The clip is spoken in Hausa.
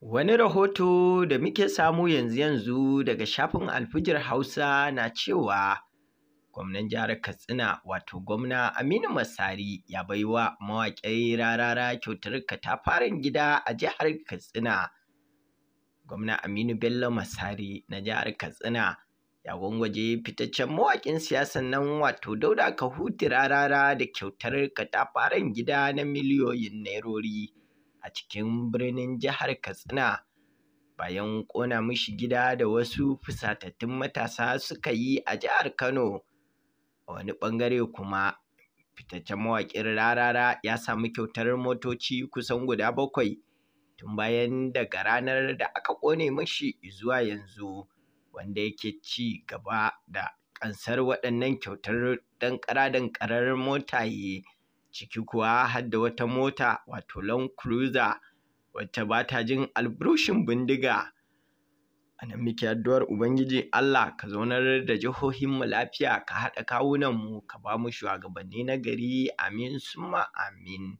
Wani rahoto da muke samu yanzu-yanzu daga shafin Alfijir Hausa na cewa gwamnan jihar Katsina wato gwamna Aminu Masari ya baiwa mawaƙi Rarara kyautar katafaren gida a jihar Katsina. Gwamna Aminu Bello Masari na jihar Katsina ya gwangwaje fitaccen mawaƙin siyasan nan wato Dauda Kahuti Rarara da kyautar katafaren gida na miliyoyin nairori. a cikin birnin jihar Katsina bayan ƙona mishi gida da wasu fusatattun matasa suka yi a jihar Kano. A wani ɓangare kuma fitaccen mawaƙin Rarara ya sami kyautar motoci kusan guda bakwai tun bayan daga ranar da aka ƙone mashi zuwa yanzu wanda yake ci gaba da ƙansar waɗannan kyautar danƙara-danƙarar motaye. ciki kuwa har da wata mota wato Land Cruiser wacce ba ta jin alburushin bindiga. A nan muke addu'ar Ubangiji Allah ka zaunar da jihohinmu lafiya ka haɗa kawunanmu ka ba mu shugabanni na gari amin suma amin.